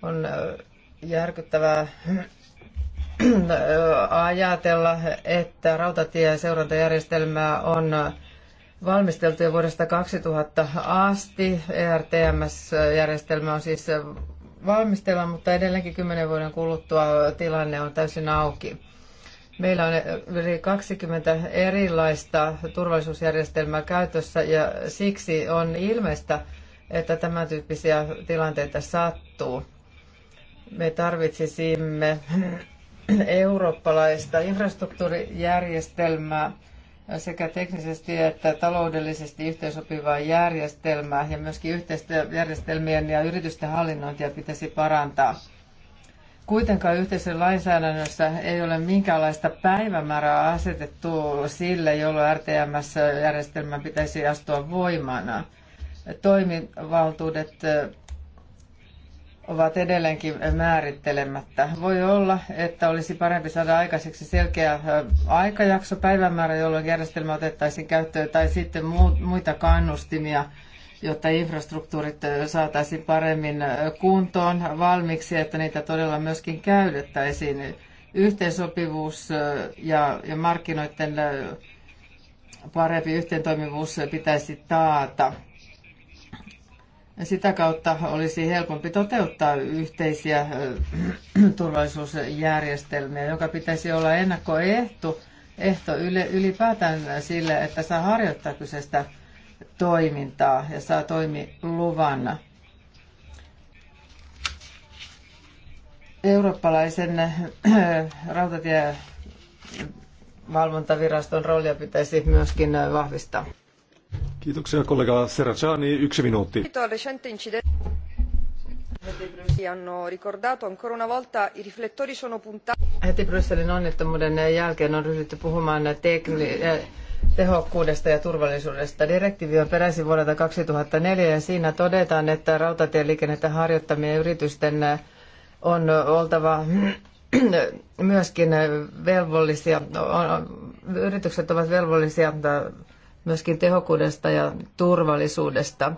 On eh, järkyttävää, Äh, ajatella, että rautatieseurantajärjestelmää on valmisteltu jo vuodesta 2000 asti. ERTMS-järjestelmä on siis valmistella, mutta edelleenkin kymmenen vuoden kuluttua tilanne on täysin auki. Meillä on yli 20 erilaista turvallisuusjärjestelmää käytössä ja siksi on ilmeistä, että tämän tyyppisiä tilanteita sattuu. Me tarvitsisimme eurooppalaista infrastruktuurijärjestelmää sekä teknisesti että taloudellisesti yhteensopivaa järjestelmää ja myöskin yhteistyöjärjestelmien ja yritysten hallinnointia pitäisi parantaa. Kuitenkaan yhteisön lainsäädännössä ei ole minkäänlaista päivämäärää asetettu sille, jolloin RTMS-järjestelmän pitäisi astua voimana. Toimivaltuudet ovat edelleenkin määrittelemättä. Voi olla, että olisi parempi saada aikaiseksi selkeä aikajakso, päivämäärä, jolloin järjestelmä otettaisiin käyttöön, tai sitten muita kannustimia, jotta infrastruktuurit saataisiin paremmin kuntoon valmiiksi, että niitä todella myöskin käytettäisiin. Yhteensopivuus ja, ja markkinoiden parempi yhteentoimivuus pitäisi taata. Sitä kautta olisi helpompi toteuttaa yhteisiä turvallisuusjärjestelmiä, joka pitäisi olla ennakkoehto ehto ylipäätään sille, että saa harjoittaa kyseistä toimintaa ja saa toimiluvan. Eurooppalaisen rautatievalvontaviraston roolia pitäisi myöskin vahvistaa. Kiitoksia kollega Serracani. Yksi minuutti. Heti Brysselin onnettomuuden jälkeen on ryhdytty puhumaan tekni- eh, tehokkuudesta ja turvallisuudesta. Direktiivi on peräisin vuodelta 2004 ja siinä todetaan, että rautatieliikennettä harjoittamien yritysten eh, on oltava myöskin velvollisia, yritykset ovat velvollisia eh, myöskin tehokkuudesta ja turvallisuudesta.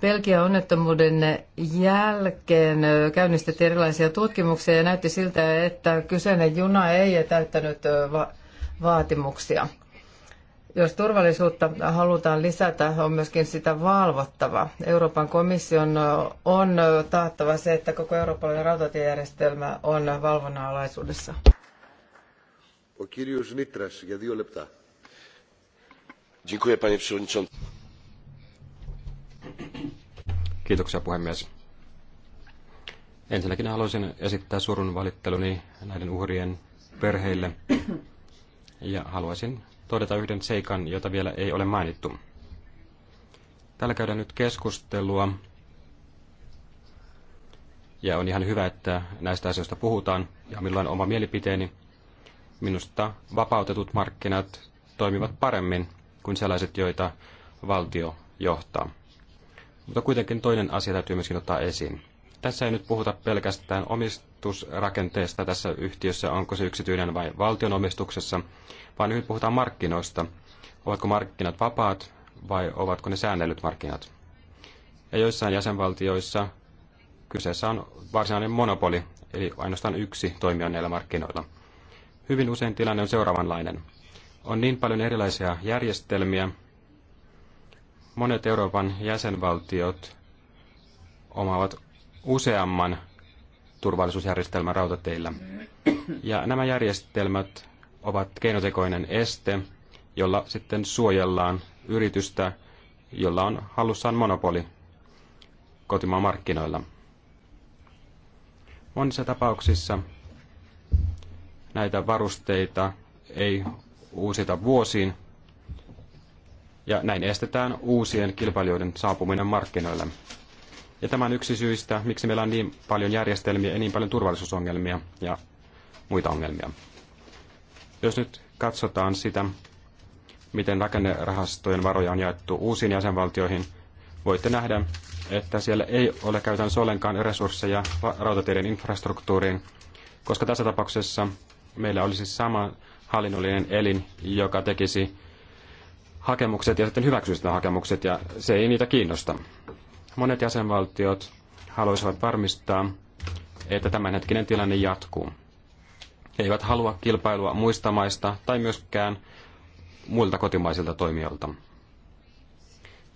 Belgian onnettomuuden jälkeen käynnistettiin erilaisia tutkimuksia ja näytti siltä, että kyseinen juna ei täyttänyt va- vaatimuksia. Jos turvallisuutta halutaan lisätä, on myöskin sitä valvottava. Euroopan komission on taattava se, että koko eurooppalainen rautatiejärjestelmä on valvonnan alaisuudessa. O kirjus Nitras, ja panie puhemies. Ensinnäkin haluaisin esittää surun valitteluni näiden uhrien perheille ja haluaisin todeta yhden seikan, jota vielä ei ole mainittu. Täällä käydään nyt keskustelua ja on ihan hyvä, että näistä asioista puhutaan ja minulla on oma mielipiteeni. Minusta vapautetut markkinat toimivat paremmin kuin sellaiset, joita valtio johtaa. Mutta kuitenkin toinen asia täytyy myöskin ottaa esiin. Tässä ei nyt puhuta pelkästään omistusrakenteesta tässä yhtiössä, onko se yksityinen vai valtion omistuksessa, vaan nyt puhutaan markkinoista. Ovatko markkinat vapaat vai ovatko ne säännellyt markkinat? Ja joissain jäsenvaltioissa kyseessä on varsinainen monopoli, eli ainoastaan yksi toimija näillä markkinoilla. Hyvin usein tilanne on seuraavanlainen. On niin paljon erilaisia järjestelmiä. Monet Euroopan jäsenvaltiot omaavat useamman turvallisuusjärjestelmän rautateillä. Ja nämä järjestelmät ovat keinotekoinen este, jolla sitten suojellaan yritystä, jolla on hallussaan monopoli kotimaan markkinoilla. Monissa tapauksissa näitä varusteita ei uusita vuosiin, ja näin estetään uusien kilpailijoiden saapuminen markkinoille. Ja tämä on yksi syistä, miksi meillä on niin paljon järjestelmiä ja niin paljon turvallisuusongelmia ja muita ongelmia. Jos nyt katsotaan sitä, miten rakennerahastojen varoja on jaettu uusiin jäsenvaltioihin, voitte nähdä, että siellä ei ole käytännössä ollenkaan resursseja rautateiden infrastruktuuriin, koska tässä tapauksessa meillä olisi sama hallinnollinen elin, joka tekisi hakemukset ja sitten hyväksyisi nämä hakemukset, ja se ei niitä kiinnosta. Monet jäsenvaltiot haluaisivat varmistaa, että tämänhetkinen tilanne jatkuu. He eivät halua kilpailua muista maista tai myöskään muilta kotimaisilta toimijoilta.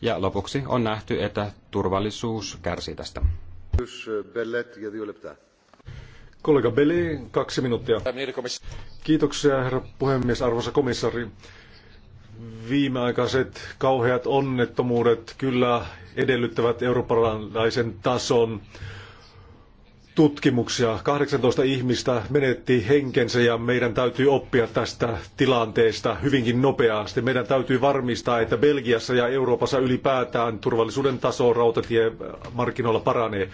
Ja lopuksi on nähty, että turvallisuus kärsii tästä. Bellet, ja Kollega Beli, kaksi minuuttia. Kiitoksia, herra puhemies, arvoisa komissari. Viimeaikaiset kauheat onnettomuudet kyllä edellyttävät eurooppalaisen tason tutkimuksia. 18 ihmistä menetti henkensä ja meidän täytyy oppia tästä tilanteesta hyvinkin nopeasti. Meidän täytyy varmistaa, että Belgiassa ja Euroopassa ylipäätään turvallisuuden taso rautatiemarkkinoilla paranee.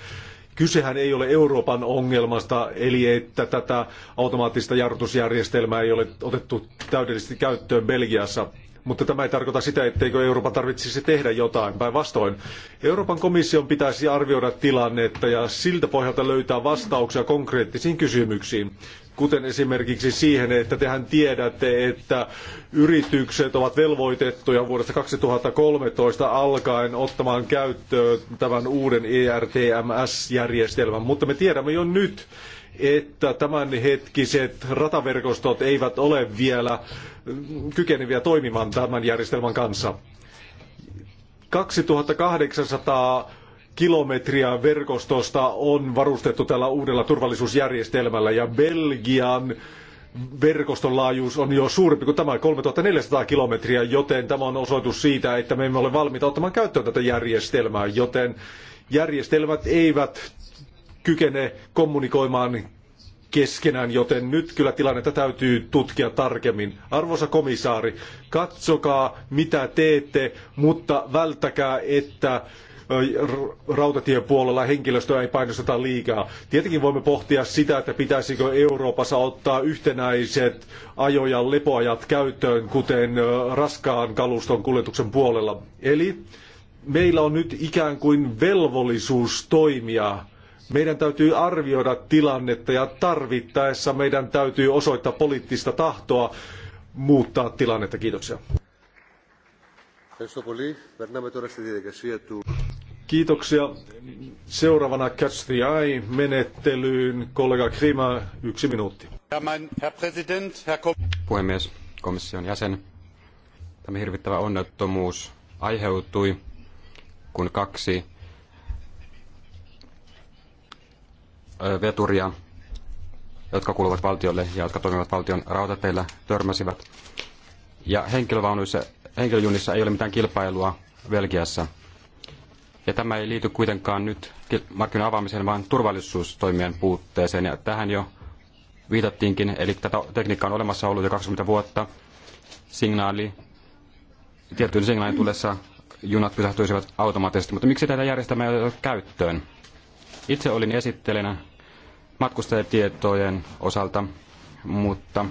Kysehän ei ole Euroopan ongelmasta, eli että tätä automaattista jarrutusjärjestelmää ei ole otettu täydellisesti käyttöön Belgiassa. Mutta tämä ei tarkoita sitä, etteikö Euroopan tarvitsisi tehdä jotain. Päinvastoin, Euroopan komission pitäisi arvioida tilannetta ja siltä pohjalta löytää vastauksia konkreettisiin kysymyksiin kuten esimerkiksi siihen, että tehän tiedätte, että yritykset ovat velvoitettuja vuodesta 2013 alkaen ottamaan käyttöön tämän uuden ERTMS-järjestelmän, mutta me tiedämme jo nyt, että tämänhetkiset rataverkostot eivät ole vielä kykeneviä toimimaan tämän järjestelmän kanssa. 2800 kilometriä verkostosta on varustettu tällä uudella turvallisuusjärjestelmällä ja Belgian verkoston laajuus on jo suurempi kuin tämä 3400 kilometriä, joten tämä on osoitus siitä, että me emme ole valmiita ottamaan käyttöön tätä järjestelmää, joten järjestelmät eivät kykene kommunikoimaan keskenään, joten nyt kyllä tilannetta täytyy tutkia tarkemmin. Arvoisa komissaari, katsokaa mitä teette, mutta välttäkää, että rautatiepuolella henkilöstöä ei painosteta liikaa. Tietenkin voimme pohtia sitä, että pitäisikö Euroopassa ottaa yhtenäiset ajo- ja lepoajat käyttöön, kuten raskaan kaluston kuljetuksen puolella. Eli meillä on nyt ikään kuin velvollisuus toimia meidän täytyy arvioida tilannetta ja tarvittaessa meidän täytyy osoittaa poliittista tahtoa muuttaa tilannetta. Kiitoksia. Kiitoksia. Seuraavana Catch the Eye-menettelyyn. Kollega Krima, yksi minuutti. Puhemies, komission jäsen. Tämä hirvittävä onnettomuus aiheutui, kun kaksi veturia, jotka kuuluvat valtiolle ja jotka toimivat valtion rautateillä, törmäsivät. Ja henkilövaunuissa, henkilöjunissa ei ole mitään kilpailua Belgiassa – ja tämä ei liity kuitenkaan nyt markkinoiden avaamiseen, vaan turvallisuustoimien puutteeseen. Ja tähän jo viitattiinkin, eli tätä tekniikkaa on olemassa ollut jo 20 vuotta. Signaali, tiettyyn signaalin tullessa junat pysähtyisivät automaattisesti, mutta miksi tätä järjestelmää ei ole käyttöön? Itse olin esittelijänä matkustajatietojen osalta, mutta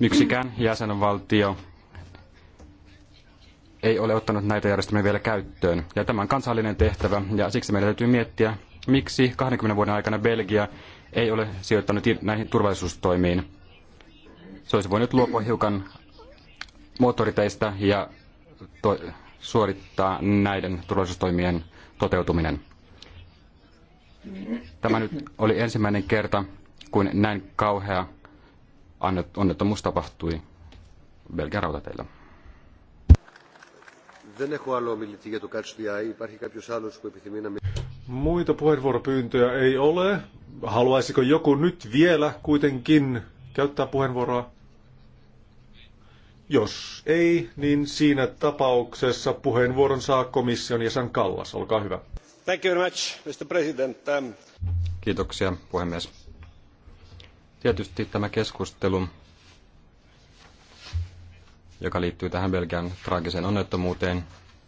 yksikään jäsenvaltio ei ole ottanut näitä järjestelmiä vielä käyttöön. Ja tämä on kansallinen tehtävä, ja siksi meidän täytyy miettiä, miksi 20 vuoden aikana Belgia ei ole sijoittanut näihin turvallisuustoimiin. Se olisi voinut luopua hiukan moottoriteistä ja suorittaa näiden turvallisuustoimien toteutuminen. Tämä nyt oli ensimmäinen kerta, kun näin kauhea onnettomuus tapahtui Belgian rautateillä. Muita puheenvuoropyyntöjä ei ole. Haluaisiko joku nyt vielä kuitenkin käyttää puheenvuoroa? Jos ei, niin siinä tapauksessa puheenvuoron saa komission jäsen Kallas. Olkaa hyvä. Thank you very much, Mr. President. Um, Kiitoksia, puhemies. Tietysti tämä keskustelu joka liittyy tähän Belgian traagiseen onnettomuuteen.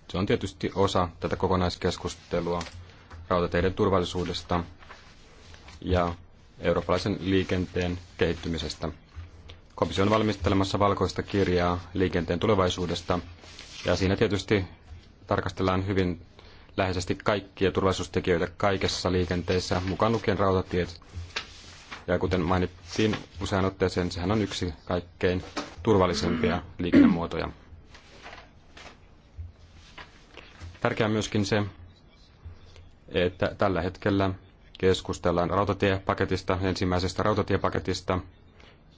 Se on tietysti osa tätä kokonaiskeskustelua rautateiden turvallisuudesta ja eurooppalaisen liikenteen kehittymisestä. Komissio on valmistelemassa valkoista kirjaa liikenteen tulevaisuudesta, ja siinä tietysti tarkastellaan hyvin läheisesti kaikkia turvallisuustekijöitä kaikessa liikenteessä, mukaan lukien rautatiet. Ja kuten mainittiin usean otteeseen, sehän on yksi kaikkein turvallisempia liikennemuotoja. Tärkeää myöskin se, että tällä hetkellä keskustellaan rautatiepaketista, ensimmäisestä rautatiepaketista,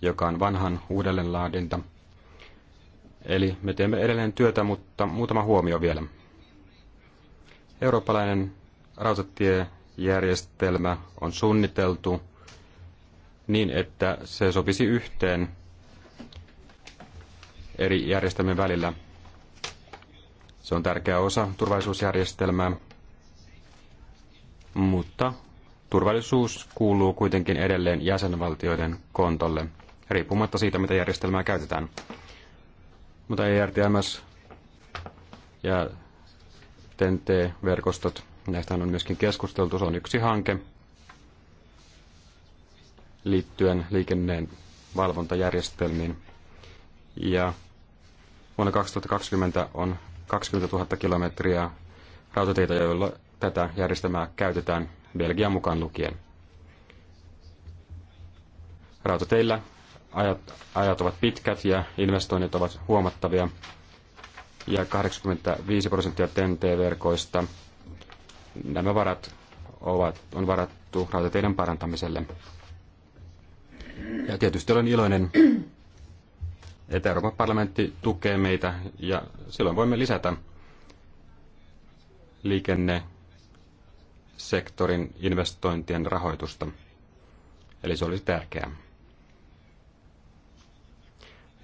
joka on vanhan uudelleenlaadinta. Eli me teemme edelleen työtä, mutta muutama huomio vielä. Eurooppalainen rautatiejärjestelmä on suunniteltu niin, että se sopisi yhteen eri järjestelmien välillä. Se on tärkeä osa turvallisuusjärjestelmää, mutta turvallisuus kuuluu kuitenkin edelleen jäsenvaltioiden kontolle, riippumatta siitä, mitä järjestelmää käytetään. Mutta ERTMS ja TNT-verkostot, näistä on myöskin keskusteltu, se on yksi hanke liittyen liikenneen valvontajärjestelmiin. Ja vuonna 2020 on 20 000 kilometriä rautateitä, joilla tätä järjestelmää käytetään Belgian mukaan lukien. Rautateillä ajat, ajat ovat pitkät ja investoinnit ovat huomattavia. Ja 85 prosenttia TNT-verkoista nämä varat ovat, on varattu rautateiden parantamiselle. Ja tietysti olen iloinen, että Euroopan parlamentti tukee meitä ja silloin voimme lisätä liikennesektorin investointien rahoitusta. Eli se olisi tärkeää.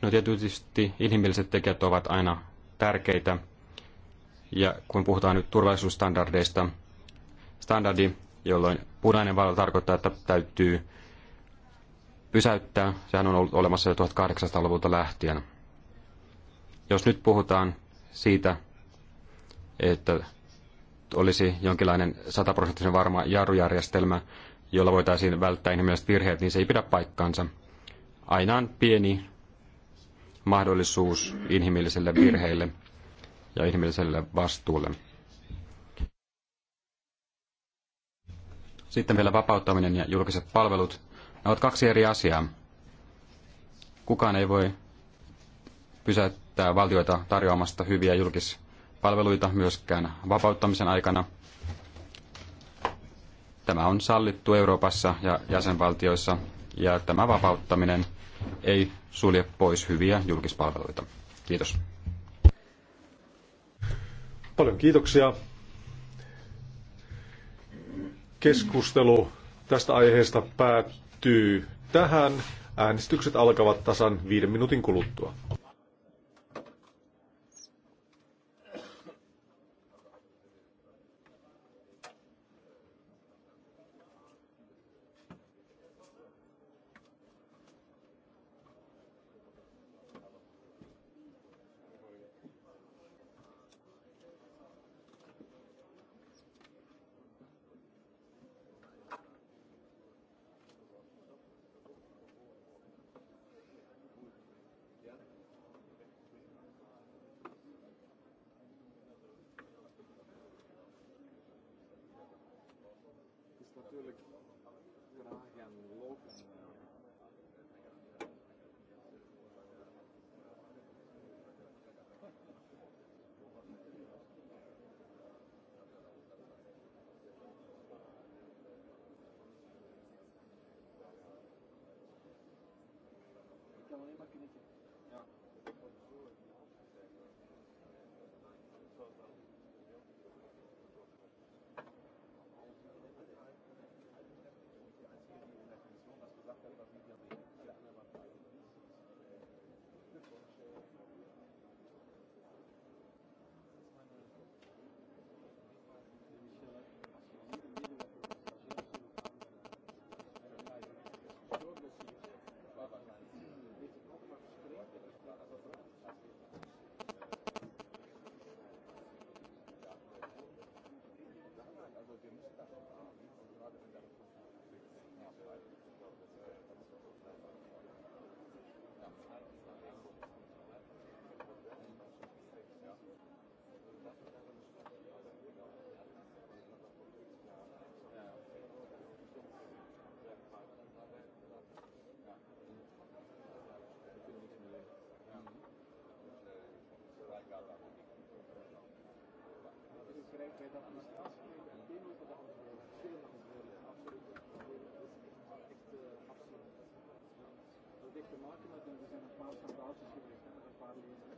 No tietysti inhimilliset tekijät ovat aina tärkeitä. Ja kun puhutaan nyt turvallisuusstandardeista, standardi, jolloin punainen valo tarkoittaa, että täytyy pysäyttää. Sehän on ollut olemassa jo 1800-luvulta lähtien. Jos nyt puhutaan siitä, että olisi jonkinlainen sataprosenttisen varma jarrujärjestelmä, jolla voitaisiin välttää inhimilliset virheet, niin se ei pidä paikkaansa. Aina on pieni mahdollisuus inhimilliselle virheille ja inhimilliselle vastuulle. Sitten vielä vapauttaminen ja julkiset palvelut ovat kaksi eri asiaa. Kukaan ei voi pysäyttää valtioita tarjoamasta hyviä julkispalveluita myöskään vapauttamisen aikana. Tämä on sallittu Euroopassa ja jäsenvaltioissa, ja tämä vapauttaminen ei sulje pois hyviä julkispalveluita. Kiitos. Paljon kiitoksia. Keskustelu tästä aiheesta päättyy päättyy tähän. Äänestykset alkavat tasan viiden minuutin kuluttua. Marken, maar dan zijn een paar schandaaltjes geweest, een paar lezingen.